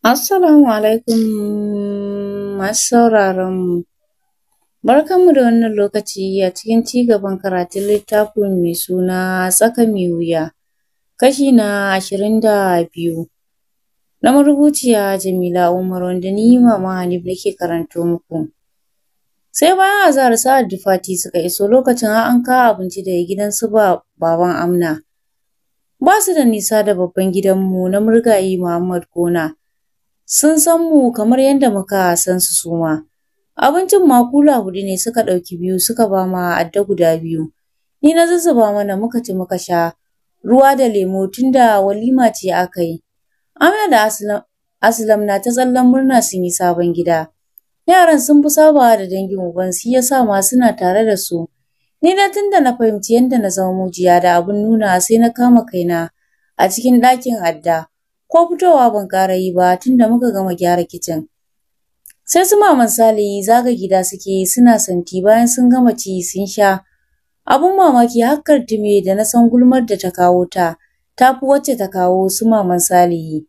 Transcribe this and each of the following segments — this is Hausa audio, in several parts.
Assalamu alaikum masu sauraron mu. Barkan mu da wannan lokaci a cikin cigaban karatun littafin mai suna tsaka mai wuya kashi na ashirin da biyu na marubuciya Jamila Umar wanda ni Mama Hanif nake karanto muku. Sai bayan azahar sa'ad da Fati suka iso lokacin har an kawo abinci daga gidan su baban Amna. Ba su da nisa da babban gidanmu na Murgaye Muhammad Gona. sun san mu kamar yadda muka san su suma. Abincin makula huɗu ne suka ɗauki biyu suka ba ma adda guda biyu. Ni na zuzzuba mana muka ci muka sha ruwa da lemo tunda walima ce aka yi. Amina da Aslam, na ta tsallan murna sun yi sabon gida. Yaran sun fi sabawa da dangin uban shi yasa ma suna tare da su. Ni da tunda na fahimci yadda na zama mujiya da abin nuna sai na kama kaina a cikin ɗakin adda. ko fitowa ban ƙara yi ba tunda muka gama gyara kicin. Sai su maman Sale zaga gida suke yi suna santi bayan sun gama ci sun sha. Abun mamaki hakkar tume da na san gulmar da ta kawo ta, ta fi wacce ta kawo su maman Sale.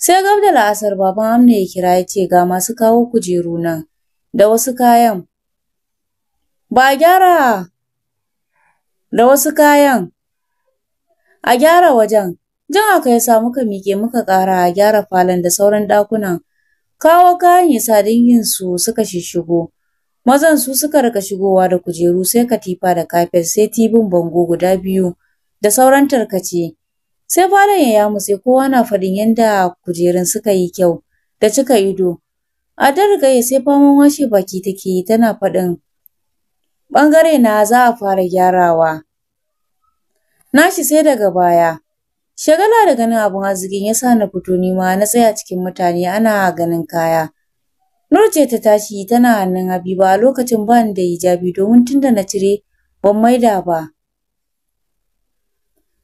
Sai gabdal asar la'asar baban Amna ya kira ya ce ga masu kawo kujeru nan da wasu kayan. Ba a gyara da wasu kayan. A gyara wajen. Jan aka ya sa muka mike muka ƙara gyara falon da sauran ɗakunan. Kawo kayan yasa dingin su suka shishigo. Mazan su suka rika shigowa da kujeru sai katifa da kafet sai tibin bango guda biyu da sauran tarkace. Sai falon ya sai kowa na faɗin yadda kujerun suka yi kyau da cika ido. Adar gaya sai faman washe baki take yi tana faɗin Bangare na za a fara gyarawa. Nashi sai daga baya. Shagala da ganin abun arzikin ya sa na fito nima na tsaya cikin mutane ana ganin kaya. Nur ce ta tashi tana hannun Habiba a lokacin ba ni da hijabi domin tun da na cire ban maida ba.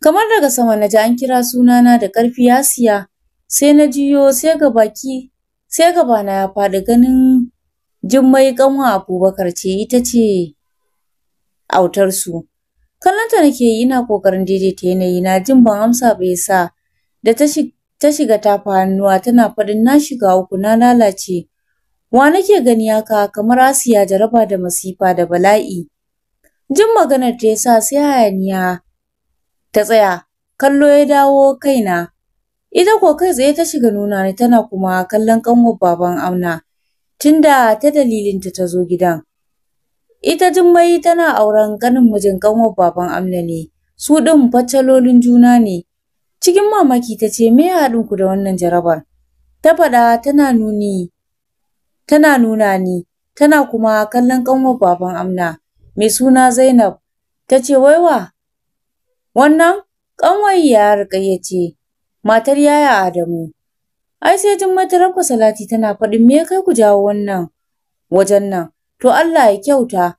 Kamar daga sama na ji an kira sunana da ƙarfi Asiya sai na jiyo sai ga baki sai gabana ya faɗi ganin Jummai ƙanwa Abubakar ce ita ce autarsu. Kallonta nake yi ina ƙoƙarin daidaita yanayi na jin ban amsa ba sa da ta ta shiga tafa hannuwa tana faɗin na shiga uku na lalace. Wa nake gani haka kamar Asiya jaraba da masifa da bala'i. Jin maganar ta yasa sai hayaniya ta tsaya kallo ya dawo kaina. Ita ko kai tsaye ta shiga nuna ni tana kuma kallon kanwar baban Amna tunda ta dalilinta ta zo gidan. Ita Jummai tana auren ganin mijin kanwar baban Amna ne, su ɗin faccalolin juna ne. Cikin mamaki ta ce, Me ya haɗin ku da wannan jarabar? Ta faɗa tana nuni, tana nuna ni, tana kuma kallon kanwar baban Amna, mai suna Zainab. Ta ce, wai wa? wannan kanwar ya riƙa ce, matar yaya Adamu. Ai sai Jummai ta rabka Salati tana faɗin me ya kai ku jawo wannan wajen nan. to Allah ya kyauta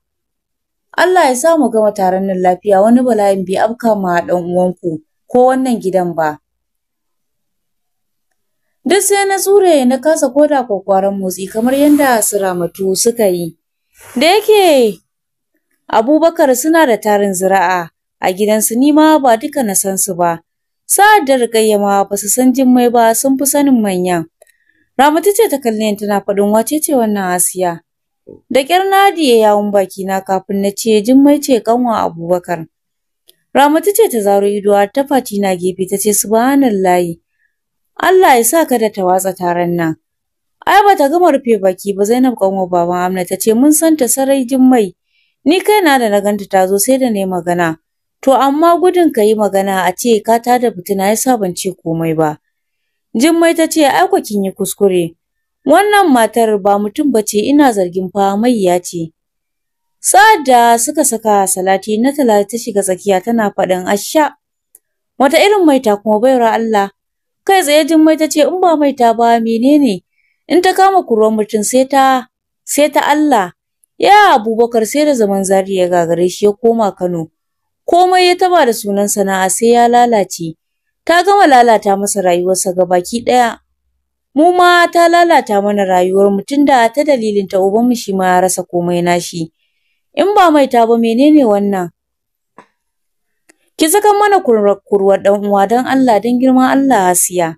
Allah ya sa mu gama taron nan lafiya wani bala'in bai afka ma ɗan uwanku ko wannan gidan ba. Duk sai na tsure na kasa koda kwakwaran motsi kamar yadda siramatu suka yi. Da yake Abubakar suna da tarin zira'a a gidansu ni ma ba duka na san su ba. Sa'ad da rigayya ma ba su san Jummai ba sun fi sanin manyan. Ramatu ce ta kalle tana faɗin wace ce wannan Asiya? Da ƙyar na haɗiye baki bakina kafin na ce Jummai ce kanwa, Abubakar. Ramatu ce ta zaro ido har ta Fati na gefe ta ce subhanallahi. Allah ya sa kada ta watsa taron nan. Ai ba ta gama rufe baki ba Zainab ƙanwar baban Amna ta ce mun san ta sarai Jummai. Ni kaina da na ganta ta zo sai da na yi magana. To amma gudun ka yi magana a ce ka da fitina ya sa ce komai ba. Jummai ta ce ai kin yi kuskure. Wannan matar ba mutum ba ce ina zargin fa mayya ce. Sa'ad da suka saka salati na talata ta shiga tsakiya tana faɗin asha. Wata irin maita kuma baiwar Allah. Kai tsaye jin maita ce in ba maita ba menene? In ta kama kurwan mutum sai ta sai ta Allah. Ya Abubakar sai da zaman zari ya gagare shi ya koma Kano. Komai ya taba da sunan sana'a sai ya lalace. Ta gama lalata masa rayuwarsa ga baki ɗaya. mu ma ta lalata mana rayuwar mu tunda ta dalilin ta uban mu shi ma ya rasa komai nashi in ba mai ta ba menene wannan ki saka mana kurwar dan uwa dan Allah dan girma Allah siya.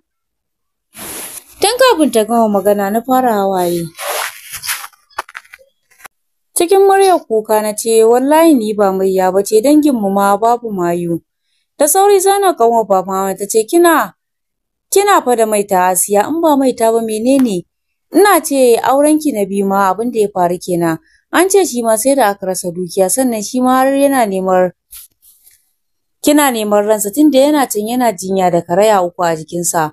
tun kafin ta gama magana na fara hawaye cikin muryar kuka na ce wallahi ni ba ya bace dangin mu ma babu mayu da sauri kawo kanwar baba ta ce kina kina fa da maita Asiya in ba maita ba menene ina ce ki na biyu ma abin da ya faru kenan an ce shi ma sai da aka rasa dukiya sannan shi ma har yana neman kina neman ransa tunda yana can yana jinya da karaya uku a jikinsa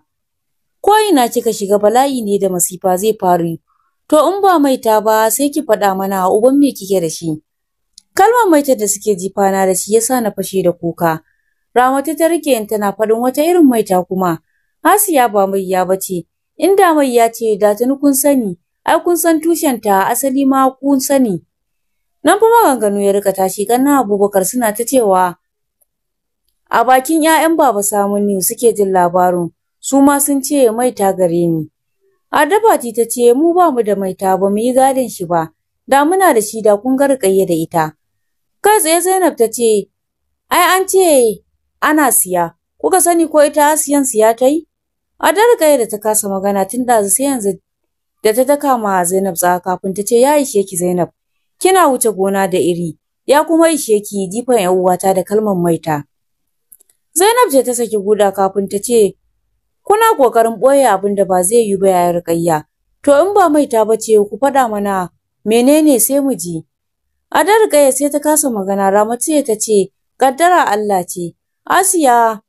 ko ina kika shiga bala'i ne da masifa zai faru to in ba maita ba sai ki faɗa mana uban me kike da shi kalmar maitar da suke jifana da shi yasa na fashe da kuka Ramatu ta rike tana faɗin wata irin maita kuma Hasiya ba maiya ba ce, in da maiya ce da tuni kun sani, ai kun san tushenta asali ma kun sani. Nan fa maganganu ya rika tashi na Abubakar suna ta cewa a bakin 'ya'yan Baba Saminu suke jin labarin, su ma sun ce mai ta gare ni. Adabati ta ce mu ba mu da maita ba mu yi gadin shi ba, da muna da shi da kun ga da ita. Kai tsaye Zainab ta ce ai an ce ana siya, kuka sani ko ita siyan siya ta A daraka da ta kasa magana tun ɗazu sai yanzu da ta daka ma Zainab tsawa kafin ta ce ya ishe ki Zainab kina wuce gona da iri ya kuma ishe ki jifan ‘yan uwata da kalmar maita. Zainab ce ta saki guda kafin ta ce kuna kokarin ɓoye abin da ba zai yi ba ya rikayya to in ba maita ba ce ku faɗa mana menene sai mu ji. A Adargaya sai ta kasa magana Ramatu ta ce kaddara Allah ce Asiya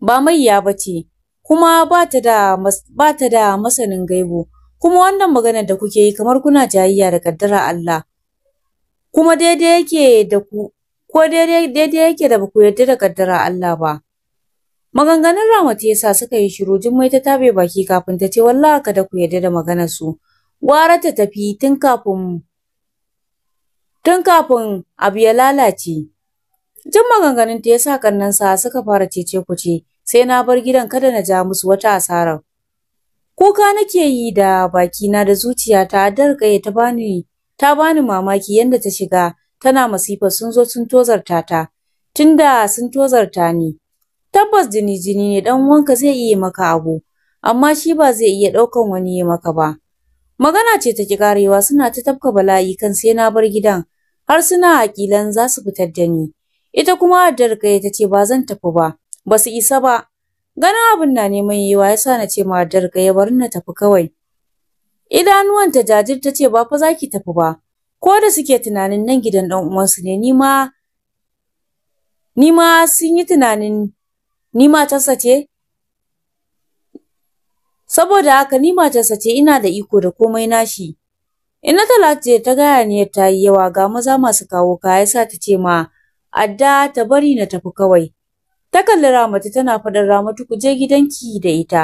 ba mayya ba ce kuma ba ta da masanin gaibo. kuma wannan maganar da kuke yi kamar kuna jayayya da ƙaddarar Allah kuma daidai yake da ku ko daidai yake da ku yarda da ƙaddarar Allah ba maganganun Ramatu ya suka yi shiru Jummai ta tabe baki kafin ta ce wallahi kada ku yarda da maganar su gwara ta tafi tun kafin tun kafin abu ya lalace jin maganganun ta ya sa kannansa suka fara cece ku ce. sai na bar gidan kada na ja musu wata asarar. Kuka nake yi da bakina da zuciyata ta ya ta bani ta bani mamaki yadda ta shiga tana masifa sun zo sun tozarta ta tunda sun tozarta ni. Tabbas jini jini ne dan wanka zai iya maka abu amma shi ba zai iya ɗaukan wani ya maka ba. Magana ce ta ki suna ta tafka bala'i kan sai na bar gidan har suna haƙilan za su fitar da ni. Ita kuma Adarka ta ce ba zan tafi ba, ba su isa ba. Ganin abin na neman yiwuwa ya sa na ce ma ya bari na tafi kawai. Idanuwanta jajir ta ce ba fa za tafi ba, ko da suke tunanin nan gidan ɗan uwansu ne ni ma sun yi tunanin ni ta ce. Saboda haka ni ta sace ina da iko da komai nashi. Ina Talatu ta gaya ni ta yi yawa ga maza masu kawo kaya sa ta ce ma adda ta bari na tafi kawai. Ta kalli Ramatu tana faɗin Ramatu ku je gidanki da ita.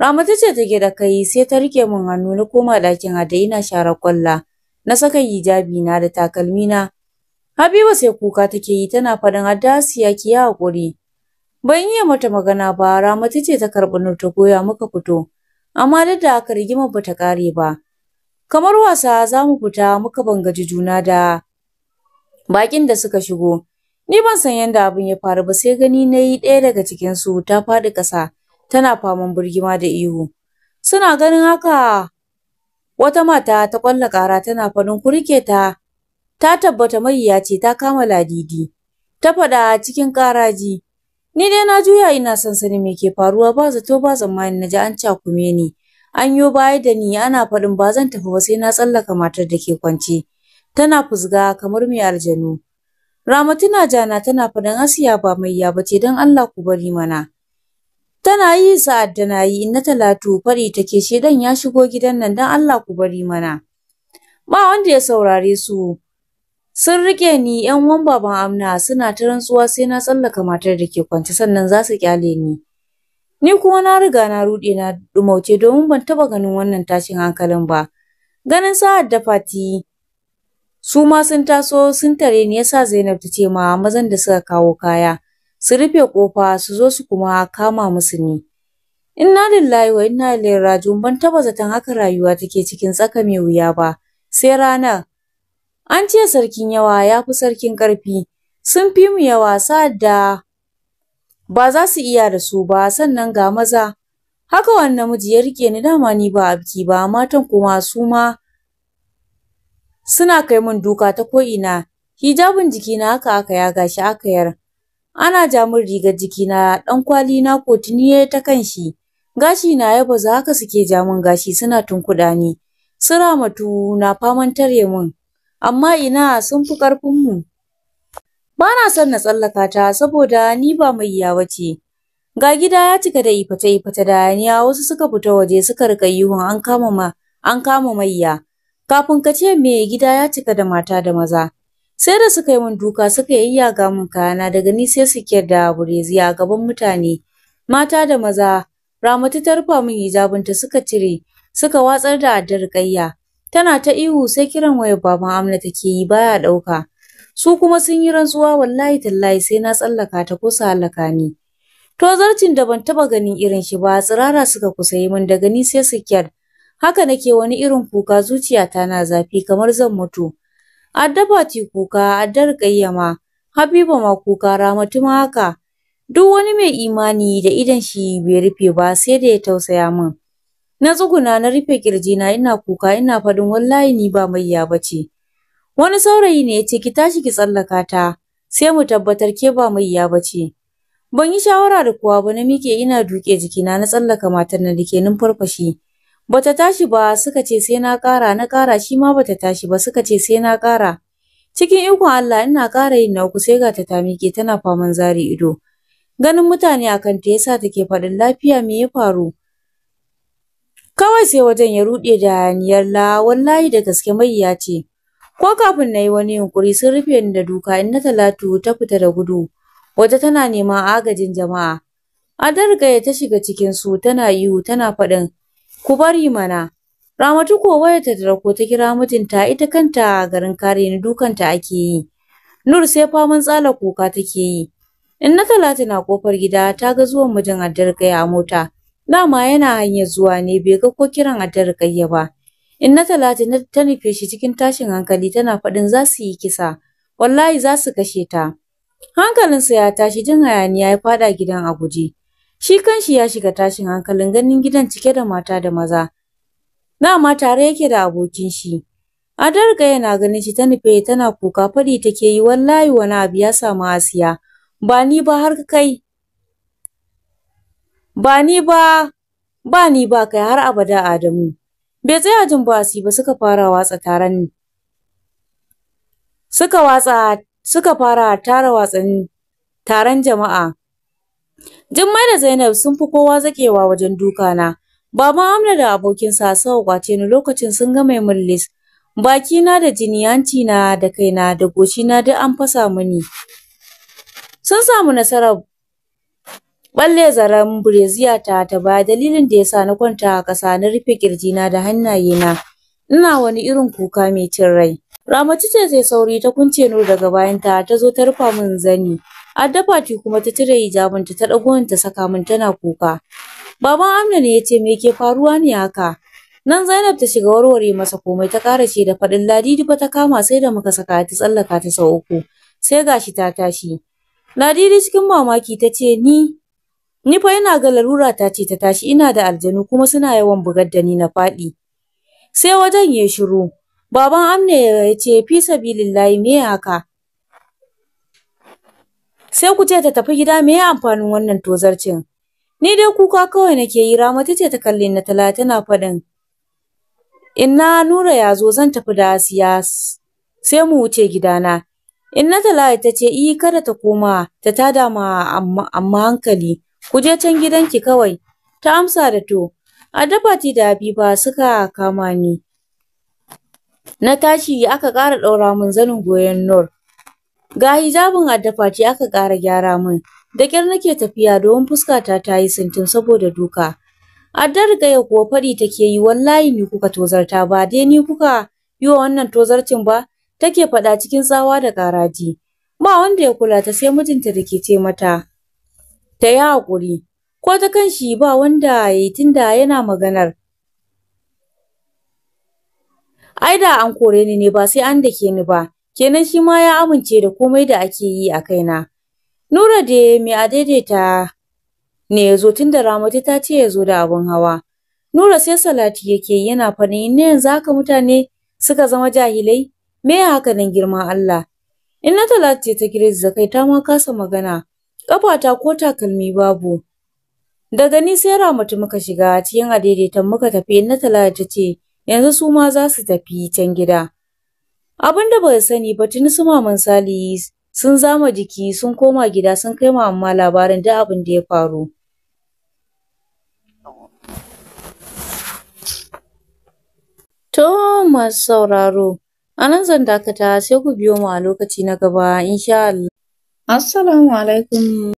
Ramatu ce take da kai sai ta rike min hannu na koma ɗakin hada ina share kwalla. Na saka hijabi na da takalmi na. Habiba sai kuka take yi tana faɗin Hadasiya ki yi hakuri. Ban iya mata magana ba Ramatu ce ta karɓi nur ta goya muka fito. Amma duk da haka rigimar bata ƙare ba. Kamar wasa za mu fita muka bangaji juna da baƙin da suka shigo. Ni ban san yadda abin ya faru ba sai gani na yi ɗaya daga cikinsu ta faɗi ƙasa tana faman burgima da ihu. Suna ganin haka wata mata ta ƙwalla ƙara tana faɗin kurke ta, ta tabbata mayya ce ta kama ladidi. Ta faɗa cikin ƙaraji. Ni dai na juya ina sansani me ke faruwa ba zato ba tsammani na ji an cakume ni. An yo baya da ni ana faɗin ba zan tafi ba sai na tsallaka matar da ke kwance. Tana fusga kamar mai aljanu. Rama tana jana tana faɗin Asiya ba mai ya ce don Allah ku bari mana. Tana yi sa'ad da na yi na talatu fari take shedan ya shigo gidan nan don Allah ku bari mana. Ba wanda ya saurare su. Sun rike ni ‘yan uwan baban Amna suna ta rantsuwa sai na tsallaka matar da ke kwance sannan za su kyale ni. Ni kuma na riga na ruɗe na ɗumauce domin ban taɓa ganin wannan tashin hankalin ba. Ganin sa'ad da Fati su ma sun taso sun tare ni yasa Zainab ta ce ma mazan da suka kawo kaya su rufe kofa su zo su kuma kama musu ni. Inna lillahi wa inna ilaihi raji'un ban taba zaton haka rayuwa take cikin tsaka mai wuya ba sai ranar. An ce sarkin yawa ya fi sarkin karfi sun fi mu yawa sa da ba za su iya da su ba sannan ga maza haka wannan, miji ya rike ni dama ni ba abki ba matan kuma su ma suna kai min duka ta ko'ina, hijabin jikina haka aka ya gashi aka yar. Ana ja min rigar jikina, 'dan ko na ta kan shi. Gashi na ya bazu haka suke ja min gashi suna tunkuɗa ni. Su Ramatu na faman tare min, amma ina sun fi ƙarfinmu. Ba na son na tsallaka ta saboda ni ba mai yawa ce. Ga gida ya cika da ifata-ifata da a wasu suka fita waje suka rika yihun an kama ma an kama mayya. Kafin ka ce me gida ya cika da mata da maza. Sai da suka yi min duka suka yayyaga min kayana daga ni sai suke da burezi a gaban mutane. Mata da maza, Ramatu ta rufa min hijabinta suka cire, suka watsar da addar ƙayya. Tana ta ihu sai kiran wayar baban Amna take yi baya ɗauka. Su kuma sun yi rantsuwa wallahi tallahi sai na tsallaka ta ko su halaka ni. zarcin da ban taɓa ganin irin shi ba tsirara suka kusa yi min daga ni sai su Haka nake wani irin kuka zuciyata na zafi kamar zan mutu. Addaba ti kuka, addar ƙayyama, Habiba ma kuka, Ramatu ma haka. Duk wani mai imani da idon shi bai rufe ba sai da ya tausaya min. Na tsuguna na rufe na ina kuka ina faɗin wallahi ni ba mai ba ce. Wani saurayi ne ya ce ki tashi ki tsallaka ta sai mu tabbatar ke ba mai ba ce. Ban yi shawara da kowa ba na mike ina duƙe jikina na tsallaka matar na da ke farfashi. Bata tashi ba suka ce sai na kara na kara shi ma bata tashi ba suka ce sai na kara Cikin ikon Allah ina kara yin nauku sai ga ta ta mike tana faman zari ido. Ganin mutane akan ta yasa take faɗin lafiya me ya faru? Kawai sai wajen ya ruɗe da hayaniyar la wallahi da gaske ya ce. Ko kafin nayi wani yunkuri sun rufe ni da duka in na Talatu ta fita da gudu. Wata tana neman agajin jama'a. Adargaya ta shiga cikin su tana ihu tana faɗin Ku bari mana! Ramatu kuwa wayarta da ko ta kira mijinta ita kanta garin kare ni dukanta ake yi. Nur sai faman tsala kuka take yi. In na Talatu na kofar gida ta ga zuwan mijin Addarkaya a mota. Dama yana hanyar zuwa ne bai ga ko kiran Addarkaya ba. in talata Talatu ta nufe shi cikin tashin hankali tana faɗin za su yi kisa. Wallahi za su kashe ta. Hankalinsa ya tashi jin hayaniya ya fada gidan a Shi kanshi ya shiga tashin hankalin ganin gidan cike da mata da maza. Dama tare yake da abokin shi. Adarga yana ganin shi ta nufe tana kuka fadi take yi wallahi wani abu ya samu Asiya. Ba ni ba har kai. Ba ni ba ba ni ba kai har abada Adamu. Bai tsaya jin basi ba suka fara watsa taron suka watsa suka fara tara watsan taron jama'a Jummai da Zainab sun fi kowa zakewa wajen duka na. baba Amna da abokinsa sau kwace ni lokacin sun ga mai mullis. Bakina da jini, na da kaina da goshina duk an fasa mini. Sun samu nasarar balle zaren Brezia ta ta baya dalilin da ya sa na kwanta a ƙasa na rufe na da hannayena. Ina wani irin kuka mai cin rai. Ramatu ce zai sauri ta kunce Nur daga bayanta ta zo ta rufa min zani. Adda Fati kuma ta cire hijabinta ta ɗago ta saka min tana kuka. Baban Amna ne ya ce me ke faruwa ne haka? Nan Zainab ta shiga warware masa komai ta ƙara ce da faɗin Ladidi fa ta kama sai da muka saka ta tsallaka ta sau uku. Sai gashi ta tashi. Ladidi cikin mamaki ta ce ni ni fa ina ga larura ta ce ta tashi ina da aljanu kuma suna yawan bugar da ni na faɗi. Sai wajen ya shiru. Baban Amna ya ce fi sabilillahi me haka? sai ku ce ta tafi gida me amfanin wannan tozarcin ni dai kuka kawai nake yi rama ta ce ta kalle na tala tana faɗin inna nura ya zo zan tafi da asiya sai mu wuce gidana inna tala ta ce i kada ta koma ta tada ma amma hankali ku je can gidanki kawai ta amsa da to a dafati da habiba suka kama ni na tashi aka ƙara ɗaura min zanin goyon nur Ga hijabin addafati aka ƙara gyara min. Da ƙyar nake tafiya domin fuskata ta yi sintin saboda duka. Addar gaya kuwa faɗi take yi wallahi ni kuka tozarta ba dai ni kuka yi wa wannan tozarcin ba take faɗa cikin tsawa da ƙaraji. Ba wanda ya kula ta sai mijinta da ke ce mata ta yi haƙuri. Ko ta kan shi ba wanda ya yi tunda yana maganar. Ai da an kore ni ne ba sai an dake ni ba. kenan shi ma ya amince da komai da ake yi a kaina. Nura da mai daidaita ne ya zo tun da Ramatu ta ce ya zo da abin hawa. Nura sai salati yake yana faɗin na yanzu haka mutane suka zama jahilai me ya haka nan girma Allah. talatu ce ta girgiza kai ta ma kasa magana ta ko takalmi babu. Daga ni sai Ramatu muka shiga cikin adaidaitan muka tafi Inna Talatu ta ce yanzu su ma za su tafi can gida. Abin da ba sani ba tuni su maman Sali sun zama jiki sun koma gida sun kai ma amma labarin da abin da ya faru. To masu sauraro, a nan zan dakata sai ku biyo mu a lokaci na gaba insha Allah. Assalamu alaikum.